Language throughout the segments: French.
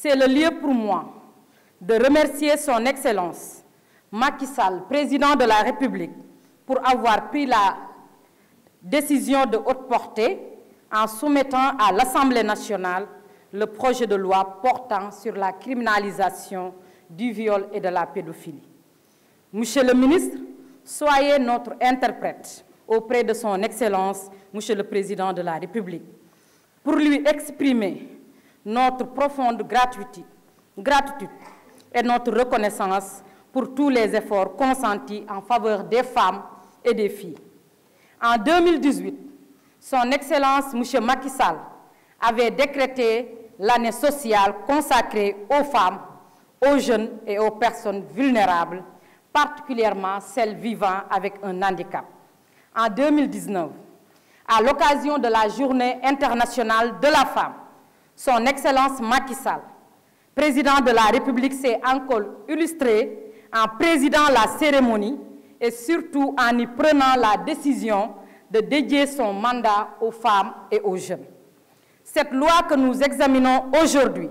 C'est le lieu pour moi de remercier son Excellence Macky Sall, président de la République, pour avoir pris la décision de haute portée en soumettant à l'Assemblée nationale le projet de loi portant sur la criminalisation du viol et de la pédophilie. Monsieur le ministre, soyez notre interprète auprès de son Excellence, Monsieur le Président de la République, pour lui exprimer notre profonde gratitude, et notre reconnaissance pour tous les efforts consentis en faveur des femmes et des filles. En 2018, son Excellence M. Macky Sall avait décrété l'année sociale consacrée aux femmes, aux jeunes et aux personnes vulnérables, particulièrement celles vivant avec un handicap. En 2019, à l'occasion de la Journée internationale de la femme, son Excellence Macky Sall, président de la République, s'est encore illustré en présidant la cérémonie et surtout en y prenant la décision de dédier son mandat aux femmes et aux jeunes. Cette loi que nous examinons aujourd'hui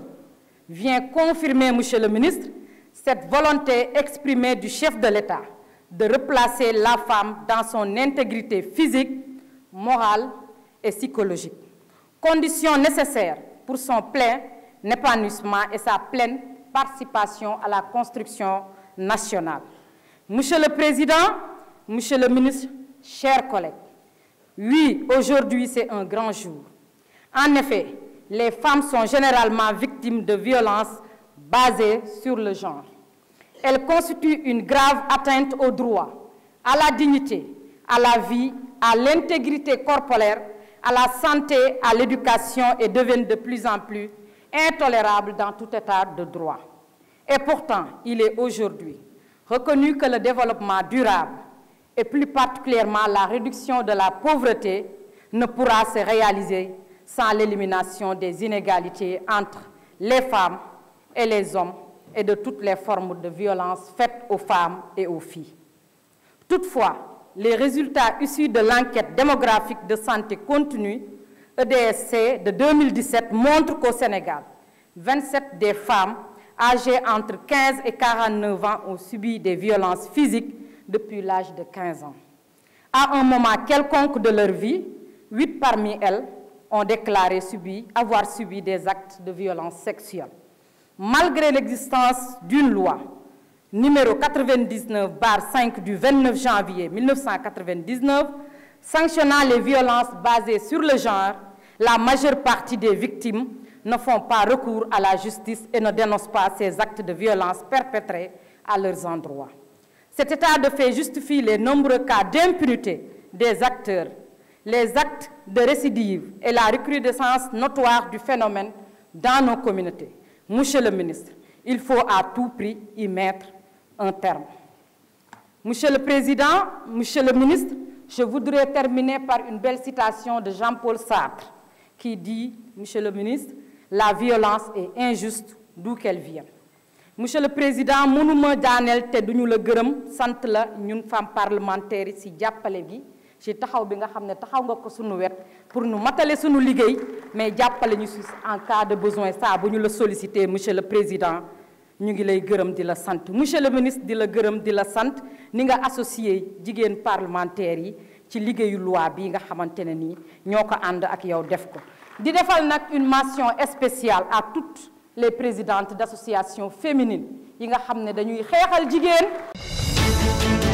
vient confirmer, Monsieur le ministre, cette volonté exprimée du chef de l'État de replacer la femme dans son intégrité physique, morale et psychologique. Condition nécessaire pour son plein épanouissement et sa pleine participation à la construction nationale. Monsieur le Président, Monsieur le Ministre, chers collègues, oui, aujourd'hui c'est un grand jour. En effet, les femmes sont généralement victimes de violences basées sur le genre. Elles constituent une grave atteinte aux droits, à la dignité, à la vie, à l'intégrité corporelle à la santé, à l'éducation et deviennent de plus en plus intolérables dans tout état de droit. Et pourtant, il est aujourd'hui reconnu que le développement durable et plus particulièrement la réduction de la pauvreté ne pourra se réaliser sans l'élimination des inégalités entre les femmes et les hommes et de toutes les formes de violence faites aux femmes et aux filles. Toutefois, les résultats issus de l'enquête démographique de santé continue EDSC de 2017 montrent qu'au Sénégal, 27 des femmes âgées entre 15 et 49 ans ont subi des violences physiques depuis l'âge de 15 ans. À un moment quelconque de leur vie, 8 parmi elles ont déclaré avoir subi des actes de violence sexuelle. Malgré l'existence d'une loi numéro 99 barre 5 du 29 janvier 1999 sanctionnant les violences basées sur le genre, la majeure partie des victimes ne font pas recours à la justice et ne dénoncent pas ces actes de violence perpétrés à leurs endroits. Cet état de fait justifie les nombreux cas d'impunité des acteurs, les actes de récidive et la recrudescence notoire du phénomène dans nos communautés. Monsieur le ministre, il faut à tout prix y mettre un terme. Monsieur le Président, Monsieur le Ministre, je voudrais terminer par une belle citation de Jean-Paul Sartre qui dit, Monsieur le Ministre, la violence est injuste d'où qu'elle vient. Monsieur le Président, mon nom est duñu la gërëm sant la ñun femmes parlementaires ci jàppale bi ci taxaw bi nga xamné ne taxaw nga ko suñu wet pour nous matalé suñu liguey mais jàppale ñu en cas de besoin ça buñu le solliciter Monsieur le Président ñu ngi lay gërëm di la santé. monsieur le ministre di la gërëm di la santé, ni nga associé jigéen parlementaire yi ci liggéeyu loi bi nga xamante ne nii ñoo ko ànd ak yow def ko di defal une mention spéciale à toutes les présidentes d'associations féminines yi nga xam ne dañuy xeexal jigéen